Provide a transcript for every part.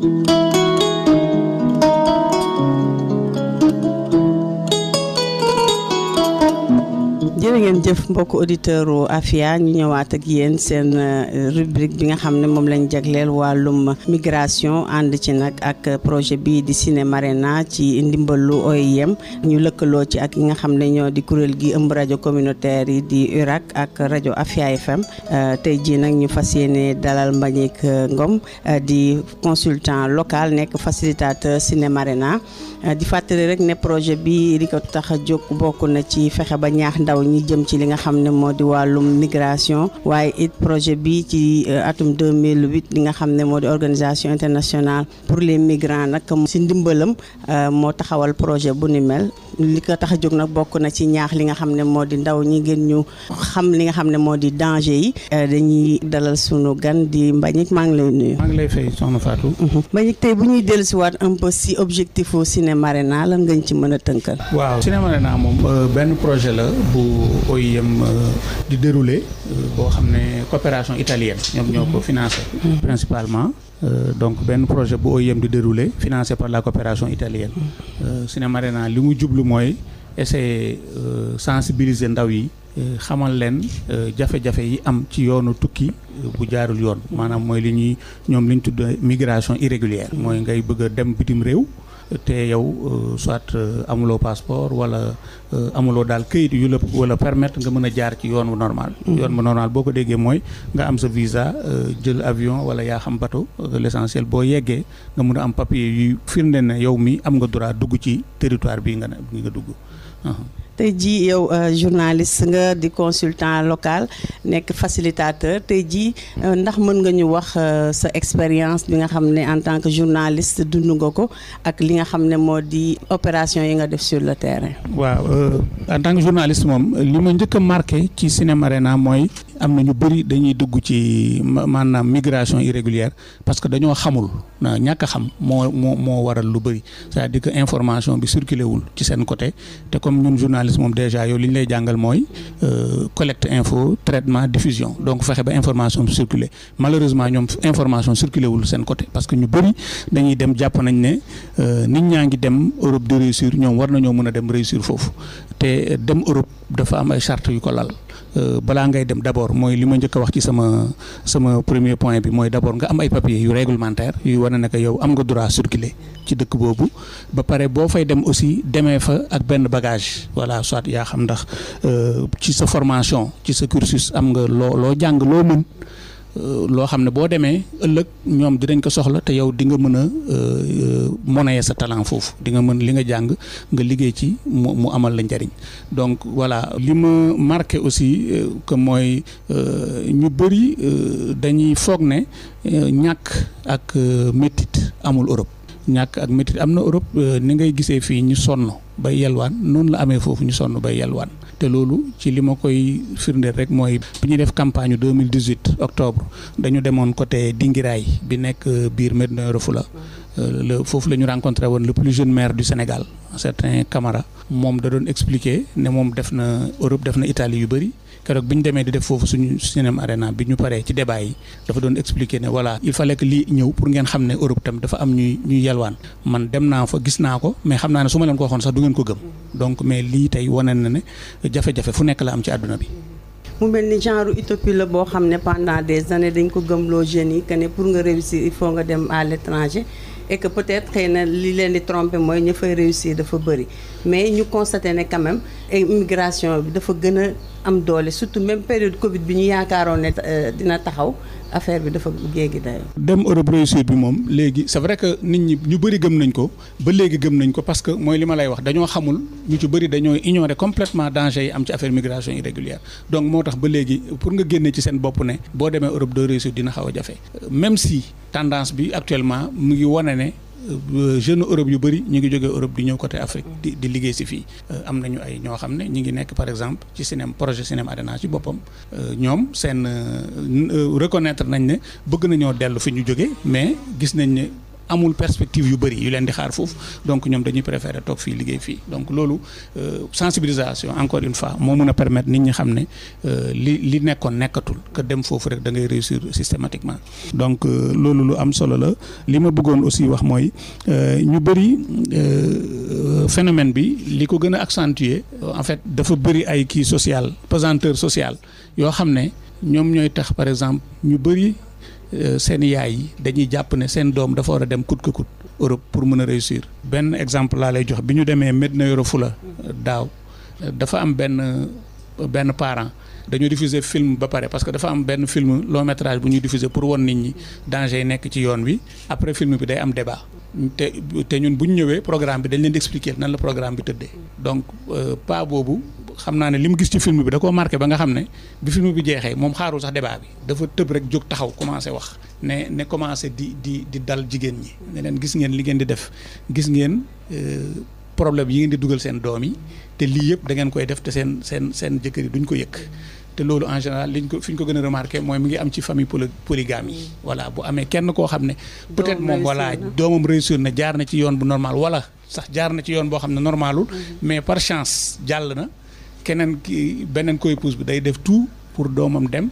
thank you jërë ngeen jëf mbokk auditeur u Afia ñu ñëwaat ak yéen seen euh, rubrique bi nga xam ne moom lañ jagleel wàllum migration ànd ci nag ak projet bii di Sine Marena ci ndimbalu OIM ñu lëkkaloo ci ak yi nga xam ne ñoo di kuréel gi ëmb rajo communautaire yi di URAC ak rajo Afia FM euh, tey jii nag ñu fas yéene dalal Mbagnick euh, Ngom di consultant local nekk facilitateur Sine Marena di fàttali rek ne projet bi li tax jóg bokk na ci fexe ba ñaax ndaw ñi jëm ci li nga xam ne moo di wàllum migration waaye it projet bi ci euh, atum 2008 li nga xam ne moo di organisation internationale pour les migrants nag si ndimbalam euh, moo taxawal projet bu ni mel li ko tax a jóg nag bokk na ci ñaax li nga xam ne moo di ndaw ñi gën ñu xam li nga xam ne moo di danger yi. Euh, dañuy dalal sunu gan di Mbagnick maa ngi lay nuyu. maa lay fay soxna Fatou. Mhm. Mbagnick tey bu ñuy dellusiwaat un peu si objectif au Cinéma naa lan ngañ ci mën a tënkal. waaw Cinéma Arena moom euh, benn projet la bu OIM euh, di dérouler boo xam ne coopération italienne ñoom ñoo ko financé. Mhm. principalement. Euh, donc benn projet bu OIM di déroulé financé par la coopération italienne mm. euh, Cinemarena li mu jublu mooy essayer euh, sensibiliser ndaw yi xamal leen jafe-jafe yi am ci yoonu tukki bu jaarul yoon maanaam mooy li ñuy ñoom li ñu tudd migration irrégulière mm. mooy ngay bëgg a dem bitim réew te yow euh, soit euh, amuloo passeport wala euh, amuloo daal kayit yu lëpp wala permettre nga mën a jaar ci yoon bu normal. Mm-hmm. yoon bu normal boo ko déggee mooy nga am sa visa jël avion wala yaa xam bateau l'essentiel boo yeggee nga mën a am papier yuy firnde ne yow mi am nga droit dugg ci territoire bii nga ne nga dugg. tey jii yow euh, journaliste nga di consultant local nekk facilitateur tey jii euh, ndax mën nga ñu wax euh, sa expérience bi nga xam ne en tant que journaliste dund nga ko ak li nga xam ne moo di opération yi nga def sur le terrain. waaw en tant que journaliste moom li ma njëkk a marqué ci Cinéma Arena mooy am na ñu bëri dañuy dugg ci maanaam migration irrégulière parce que dañoo xamul ñàkk a xam moo moo moo waral lu bëri cest dire que information bi circulé wul ci seen côté journaliste moom déjà yow li ñu lay jàngal mooy euh, collecte info traitement diffusion donc fexe ba information bi circuler malheureusement ñoom information circuler wul seen côté parce que ñu bëri dañuy dem jàpp nañ ne euh, nit ñaa ngi dem Europe di réussir ñoom war nañoo mën a dem réussir foofu te dem Europe. dafa am ay charte yu ko lal euh, balaa ngay dem d' abord mooy li ma njëkk a wax ci sama sama premier point bi mooy d' abord nga am ay papiers yu réglementaire yuy wane ne que yow am nga droit circuler ci dëkk boobu ba pare boo fay dem aussi demee fa ak benn bagage voilà soit yaa xam ndax euh, ci sa formation ci sa cursus am nga loo loo jàng loo mën. Euh, loo xam ne boo demee ëllëg ñoom dinañ ko soxla te yow di nga mën a euh, monnayer sa talent foofu di nga mën li nga jàng nga liggéey ci mu mu amal la njariñ donc voilà li ma marqué aussi euh, que mooy ñu bëri dañuy foog ne ñàkk ak métit amul Europe ñàkk ak métit am na Europe euh, ni ngay gisee fii ñu sonn bay yalwaan noonu la amee foofu ñu sonn bay yalwaan te loolu ci li ma koy firndeel rek mooy bi ñuy def campagne deux mille dix huit octobre dañu demoon côté Dingiraay bi nekk euh, biir Médina Yoro Foulah euh, la foofu la ñu rencontré woon le plus jeune maire du Sénégal certain Camara moom da doon expliquer ne moom def na Europe def na Italie yu bëri keroog bi ñu demee di def foofu suñu cinéma arena bi ñu paree ci débat yi dafa doon expliquer ne voilà il fallait que lii ñëw pour ngeen xam ne Europe tam dafa am ñuy yalwaan man dem naa fa gis naa ko mais xam naa ne su leen ko waxoon sax du ngeen ko gëm donc mais lii tey wane na ne jafe-jafe fu nekk la am ci àdduna bi. mu mel ni genre utopie la boo xam ne pendant des années dañ ko gëmloo jeunes yi pour nga réussir il nga dem à l'étranger et que peut-être xëy na li leen di tromper mooy ñu fay réussir dafa bëri mais ñu constaté ne quand même immigration bi dafa gën a am doole surtout même période Covid bi ñu yaakaaroon ne euh, dina taxaw affaire bi dafa géegi dayo dem Europe réussir bi moom léegi c'est vrai que nit ñi ñu bëri gëm nañ ko ba léegi gëm nañ ko parce que mooy li ma lay wax dañoo xamul ñu ci bëri dañoo ignorer complètement danger yi am ci affaire migration irrégulière donc moo tax ba léegi pour nga génne ci seen bopp ne boo demee Europe doo réussir dina xaw a jafe même si tendance bi actuellement mu ngi wane ne Euh, jeunes Europe yu bëri ñu ngi jógee Europe di ñëw côté Afrique di di liggéey si fii euh, am nañu ay ñoo xam ne ñu ngi nekk par exemple ci cinéma projet cinéma Aréna ci boppam euh, ñoom seen reconnaître nañ ne bëgg nañoo dellu fi ñu jógee mais gis nañ ne amul perspective yu bëri yu leen di xaar foofu donc ñoom dañuy préférer toog fii liggéey fii donc loolu euh, sensibilisation encore une fois moo mën a permettre nit ñi xam ne euh, li li nekkoon nekkatul que dem foofu rek da ngay réussir systématiquement. donc euh, loolu lu am solo la li ma bëggoon aussi wax mooy ñu bëri phénomène bi li ko gën a accentuer en fait dafa bëri ay kii sociale pesanteur sociale yoo xam ne ñoom ñooy tax par exemple ñu bëri. Euh, seen yaay yi dañuy jàpp ne seen doom dafa war a dem kut ko kut Europe pour mën a réussir benn exemple laa lay jox bi ñu demee Médina Yoro la euh, daaw euh, dafa am benn benn parent dañu diffuser film ba pare parce que dafa am benn film long métrage bu ñuy diffuser pour won nit ñi danger yi nekk ci yoon wi après film bi day am débat te te ñun bu ñu ñëwee programme bi dañ leen di expliquer nan la programme bi tëddee donc paa boobu xam naa ne li mu gis ci film bi da koo marqué ba nga xam ne bi film bi jeexee moom xaarul sax débat bi dafa tëb rek jóg taxaw commencé wax ne ne commencé di di di dal jigéen ñi ne leen gis ngeen li ngeen di def gis ngeen euh, problème yi ngeen di dugal seen doom yi te lii yëpp da ngeen koy def te seen seen seen jëkkër yi duñ ko yëkk te loolu en général liñ ko fi ñu ko gën a remarqué mooy mu ngi am ci famille polygame yi voilà bu amee kenn koo xam ne peut-être moom voilà doomam réussir na jaar na ci yoon bu normal wala sax jaar na ci yoon boo xam ne normalul mm-hmm. mais par chance na keneen ki beneen co-épouse bi day def tout pour doomam dem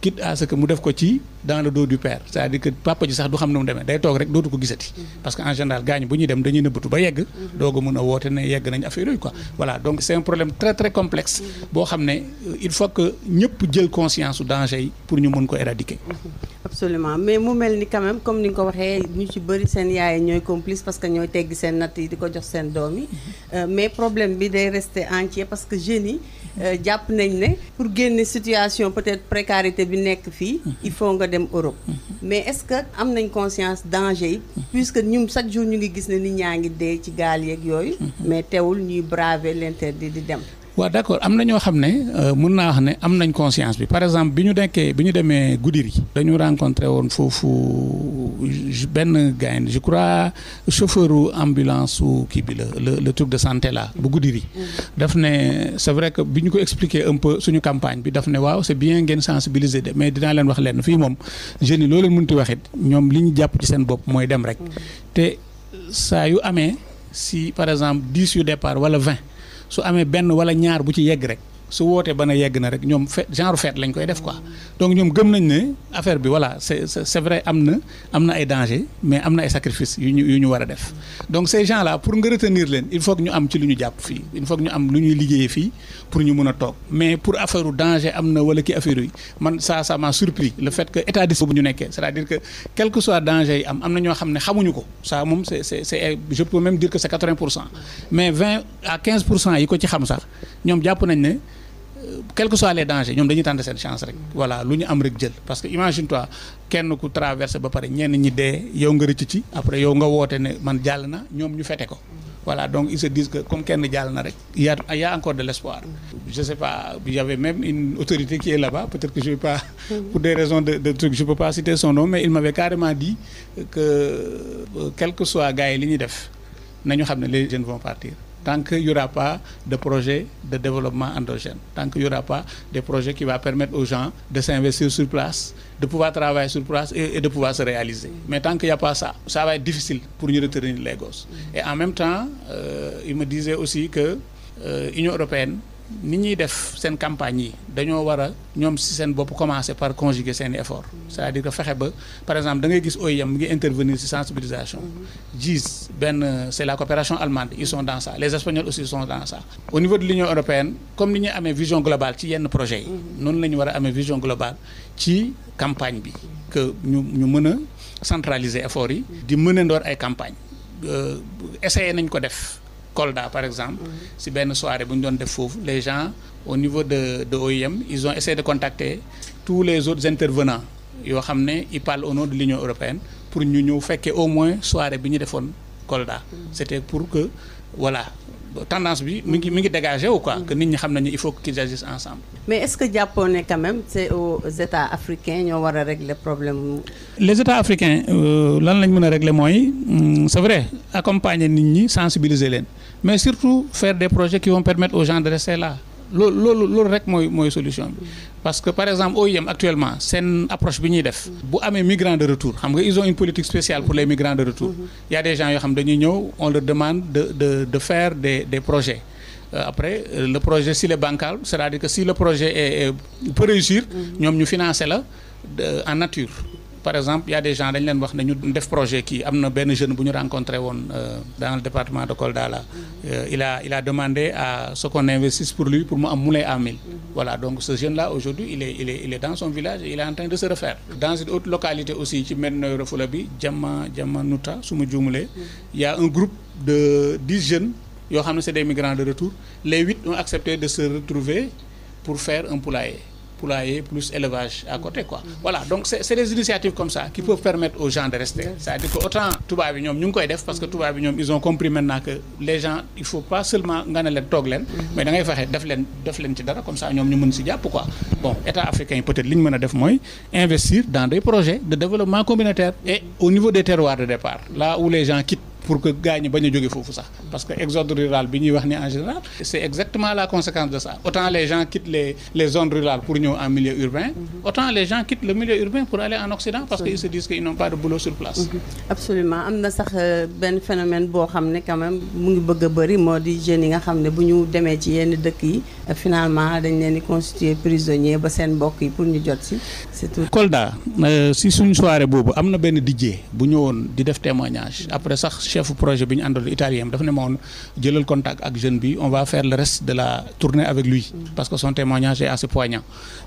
quitte à ce mu def ko ci dans le dos du père c'est-à-dire que papa sax du xam ne mu demee day toog rek dootu ko gisati. Mm-hmm. parce que en général gaañ bu ñuy dem dañuy nëbbatu ba yegg. Mm-hmm. doog a mun a woote ne yegg nañ affaire yooyu quoi. voilà donc c'est un problème très très complexe. Mm-hmm. boo xam ne euh, il faut que ñëpp jël conscience su danger yi pour ñu mun ko éradiquer. absolument mais mu mel ni quand même comme ni nga ko waxee ñu ci bëri seen yaay ñooy complice parce que ñooy teggi seen natt yi di ko jox seen doom yi euh, mais problème bi day rester entier parce que jeunes yi euh, jàpp nañ ne pour génne situation peut-être précarité bi nekk fii il faut nga dem Europe mais est-ce que am nañ conscience danger yi puisque ñun chaque jour ñu ngi gis ne nit ñaa ngi dee ci gaal yeeg yooyu mais teewul ñuy braver l'interdit di dem waa d' accord am na ñoo xam ne euh, mën naa wax ne am nañ conscience bi par exemple bi ñu nekkee bi ñu demee Goudiri dañu rencontré woon foofu benn gaynde je crois chauffeuru ambulance su kii bi la le le truc de santé là bu Goudiri. Mm. daf ne c' est vrai que bi ñu ko expliquer un peu suñu campagne bi daf ne waaw c' bien ngeen sensibiliser de mais dinaa leen wax leen fii moom jeunes yi mun ti mënti waxit ñoom li ñu jàpp ci seen bopp mooy dem rek. Mm. te saa yu amee si par exemple dix yu départ wala vingt. su amee benn wala ñaar bu ci yegg rek su wootee ba na yegg na rek ñoom fe genre fête lañ koy def quoi donc ñoom gëm nañ ne affaire bi voilà c'est c'est vrai am na am na ay danger mais am na ay sacrifice yu ñu yu ñu war a def donc ces gens là pour nga retenir leen il faut que ñu am ci lu ñu jàpp fii il faut que ñu am lu ñuy liggéeyee fii pour ñu mën a toog mais pour affaire danger am na wala ki affaire yi man ça ça m'a surpris le fait que état d'esprit bu ñu nekkee c'est-à-dire que quel que soit danger yi am am na ñoo xam ne xamuñu ko ça moom c'est c'est c'est je peux même dire que c'est 80 pour cent mais 20 à 15 pour cent yi ko ci xam sax ñoom jàpp nañ ne quel que soit les dangers ñoom dañuy tenter seen chance rek voilà lu ñu am rek jël parce que imagine toi kenn ku traversé ba pare ñeen ñi dee yow nga rëcc ci après yow nga woote ne man jàll na ñoom ñu fete ko voilà donc ils se disent que comme kenn jàll na rek y a y a encore de l'espoir je sais pas il y même une autorité qui est là peut-être que je pas mm-hmm. pour des raisons de de trucs je peux pas citer son nom mais il m'avait carrément dit que euh, quel soit gars yi li ñuy def nañu xam ne les jeunes vont partir tant qu'il n'y aura pas de projet de développement endogène, tant qu'il n'y aura pas des projets qui vont permettre aux gens de s'investir sur place, de pouvoir travailler sur place et, de pouvoir se réaliser. Mais tant qu'il n'y a pas ça, ça va être difficile pour nous retenir les Et en même temps, euh, il me disait aussi que l'Union euh, européenne ni ñuy def seen campagne yi dañoo war a ñoom si seen bopp commencer par conjuguer seen effort c'est-à-dire que fexe ba par exemple da ngay gis OIM mu ngi intervenir si sensibilisation GIZ benn c'est la coopération allemande ils sont dans les espagnols aussi sont dans ça au niveau de l'Union européenne comme ni ñu amee vision globale ci yenn projet yi noonu la ñu war a amee vision globale ci campagne bi que ñu ñu mën a centraliser effort yi di mën a ndoor ay campagne euh, essayer nañ ko def Kolda par exemple. si benn soirée bu ñu doon def foofu les gens au niveau de de OIM ils ont essayé de contacter tous les autres intervenants yoo xam ne ils parlent au nom de l'Union européenne pour ñu ñëw fekkee au moins soirée bi ñu defoon Kolda. c'était pour que voilà. tendance bi mi ngi mi ngi dégagé wu quoi. nit ñi xam nañu il faut qu'ils agissent ensemble. mais est-ce que jàppoo ne quand même c'est aux États africains ñoo war a régler problème les États africains euh, lan lañ mën a régler mooy mm, c'est vrai accompagner nit ñi sensibiliser leen mais surtout faire des projets qui vont permettre aux gens de rester loolu loolu loolu rek mooy mooy solution bi parce que par exemple yem actuellement seen approche bi ñuy def. bu amee migrants de retour xam nga ils ont une politique spéciale pour les migrants de retour. y a des gens yoo xam dañuy ñëw on leur demande de de de faire des des projets. Euh, après euh, le projet s'il les bancal c'est-à-dire que si le projet est peut réussir mm-hmm. ñoom ñu financer la en nature par exemple y a des gens leen wax ne ñu def projet kii am na benn jeune bu ñu rencontré woon euh, dans le département de Kolda là euh, il a il a demandé à ce qu'on investisse pour lui pour mu am moulin à mil voilà donc ce jeune là aujourd'hui il est il est il est dans son village il est en train de se refaire dans une autre localité aussi ci Médina Yoro Foulah bi Jamma su ma juumulee il un groupe de dix jeunes yoo xam ne c'est des migrants de retour les huit ont accepté de se retrouver pour faire un poulailler poulailler plus élevage à côté quoi voilà donc c'est c'est des initiatives comme ça qui peuvent permettre aux gens de rester c'est-à-dire que autant tubaab bi ñoom ñu ngi koy def parce que tubaab bi ñoom ils ont compris maintenant que les gens il faut pas seulement nga ne leen toog leen mais da ngay fexe def leen ci dara comme ça ñoom ñu mën si jàpp quoi bon état africain yi peut-être li ñu mën a def mooy investir dans des projets de développement au niveau des terroirs de départ pour que gars ñi bañ a jóge foofu sax parce que exode rural bi ñuy wax ni en général c'est exactement la conséquence de ça autant les gens quittent les les zones rurales pour ñëw en milieu urbain mm-hmm. autant les gens quittent le milieu urbain pour aller en Occident parce que ils se disent qu'ils n'ont pas de boulot sur place mm-hmm. absolument am na sax euh, benn phénomène boo xam ne quand mu ngi bëgg a bëri moo di jeunes yi nga xam ne bu ñu demee ci yenn dëkk yi euh, finalement dañ leen di constituer prisonnier ba seen mbokk yi pour ñu jot si c'est tout euh, si suñ soirée boobu am na benn DJ bu ñëwoon di def témoignage après sax chef projet bi ñu àndoon italien dafa ne ma woon jëlal contact ak jeune bi on va faire le reste de la tournée avec lui mm. parce que son témoignage est assez poignant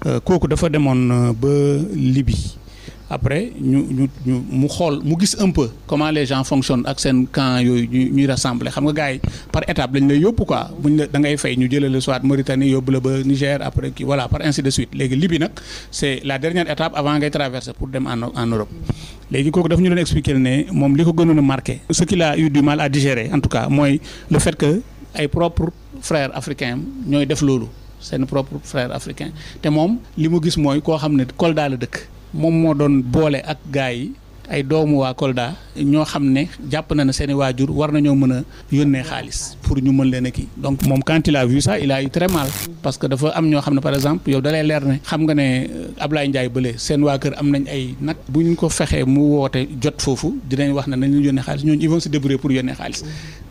euh, kooku dafa demoon euh, ba Libye après ñu ñu ñu mu xool mu gis un peu comment les gens fonctionnent ak seen camp yooyu ñuy ñuy rassembler xam nga gars yi par étape lañ lay yóbbu quoi buñ la da ngay ñu jëlale soit Mauritanie yóbbu la ba Niger après kii voilà par ainsi de suite léegi Libye nag c'est la dernière étape avant ngay traverser pour dem en en Europe. léegi kooku daf ñu doon expliquer ne moom li ko gënoon a marqué. ce qu'il a eu du mal à digérer en tout cas mooy lu fait que ay propres frères africains ñooy def loolu seen propre frère africain te moom li mu gis mooy koo xam ne Kolda la dëkk moom moo doon boole ak gars yi. ay doomu waa Kolda ñoo xam ne jàpp na na seen waajur war nañoo mën a yónnee xaalis pour ñu mën leen a kii donc moom quand il a vu il a parce que dafa am ñoo xam ne par exemple yow dalay leer ne xam nga ne euh, Ablaye Ndiaye bële seen waa kër am nañ ay nag bu ñu ko fexee mu woote jot foofu dinañ wax na nañ leen yónnee xaalis ñooñu ils vont se pour yónnee xaalis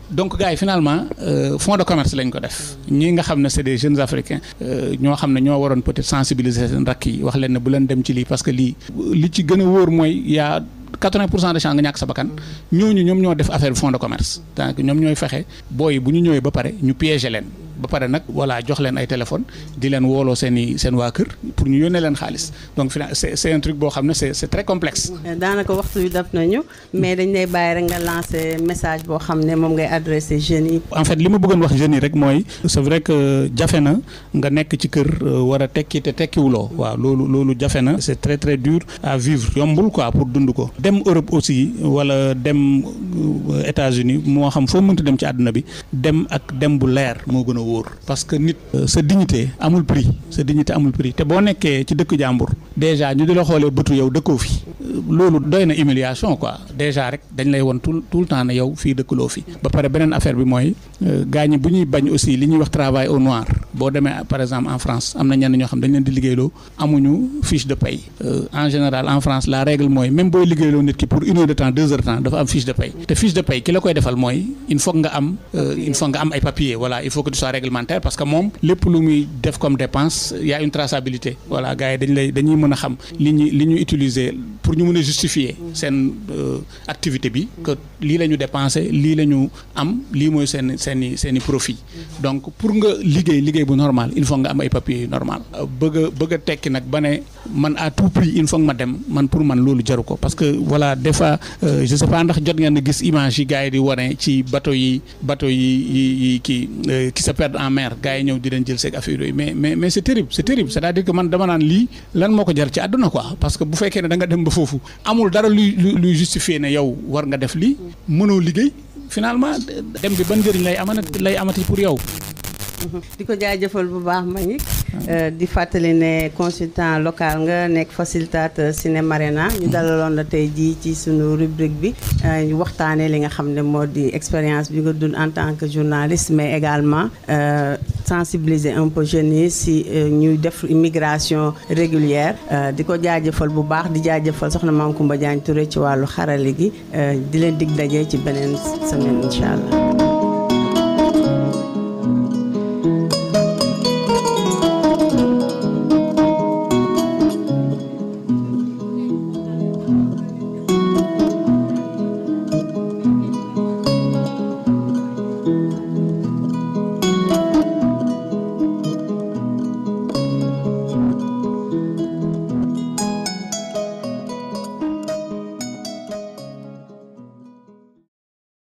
donc gars yi finalement euh, fonds de commerce lañ ko def ñi nga xam ne c'est des jeunes africains euh, ñoo xam ne ñoo waroon peut-être sensibiliser seen rakk bu leen dem ci lii parce que lii li ci gën a wóor mooy yaa 80 pour cent de chance nga ñàkk sa bakkan ñooñu ñoom ñoo def affaire bi fonds de commerce donc ñoom ñooy fexe booy bu ñu ñëwee ba pare ñu piéger leen ba pare nag voilà jox leen ay téléphone di leen wooloo seen i seen waa kër pour ñu yónnee leen xaalis donc finalement c'est c'est boo xam ne c'est c'est très complexe. daanaka waxtu yu daf nañu mais dañ lay bàyyi rek nga lancer message boo xam ne moom ngay adresser jeunes yi. en fait li ma bëggoon wax jeunes rek mooy c'est vrai que jafe na nga nekk ci kër euh, war a tekki te tekkiwuloo waaw loolu loolu jafe na c'est très très dur à vivre yombul quoi pour dund ko dem Europe aussi wala dem euh, États-Unis moo xam foo mënti dem ci àdduna bi dem ak dem bu leer moo wóor parce que nit euh, sa dignité amul prix sa dignité amul prix te boo nekkee ci dëkk jàmbur déjà ñu di la xoolee bëtu yow dëkkoo fi euh, loolu doy na humiliation quoi déjà rek dañ lay won tout tout temps ne yow fii dëkkaloo fi ba pare beneen affaire bi mooy euh, gaañ bu ñuy bañ aussi li ñuy wax travail au noir boo demee par exemple en France am na ñenn ñoo xam dañ leen di liggéeyloo amuñu fiche de paye en général en France la règle mooy même booy liggéeyloo nit réglementaire parce que moom lépp lu muy def comme dépense y a une traçabilité voilà gars yi dañ lay dañuy mën a xam li ñu li ñu pour ñu mën a justifier seen euh, activité bi que lii la ñu dépensé lii la ñu am lii mooy seen seen seeni seen i profit donc pour nga liggéey liggéey bu normal il faut nga am ay papiers yu normal bëgg a bëgg a tekki nag ba ne man a tout prix il faut ma dem man pour man loolu jaru ko parce que voilà des fois euh, je sais ndax jot ngeen na gis image yi gars yi di wane ci bateau yi bateau yi yi yi kii euh, en mer gars yi ñëw di leen jël seeg affaire mais mais mais c'est terrible c'est terrible c'est-à-dire que man dama naan lii lan moo ko jar ci àdduna quoi parce que bu fekkee ne da nga dem ba foofu amul dara luy luy justifier ne yow war nga def lii mënoo liggéey finalement dem bi ban njëriñ lay amana lay pour yow. di ko Euh, di fàttali ne consultant local nga nekk facilitateur Cinémarena ñu mm-hmm. dalaloon la tey jii ci suñu rubrique bi euh, ñu waxtaanee li nga xam ne moo di expérience bi nga dund en tant que journaliste mais également euh, sensibiliser un peu jeunes yi si ñuy def immigration régulière di ko jaajëfal bu baax di jaajëfal soxna Mame Coumba Diagne Touré ci wàllu xarali gi di leen dig daje ci beneen semaine incha allah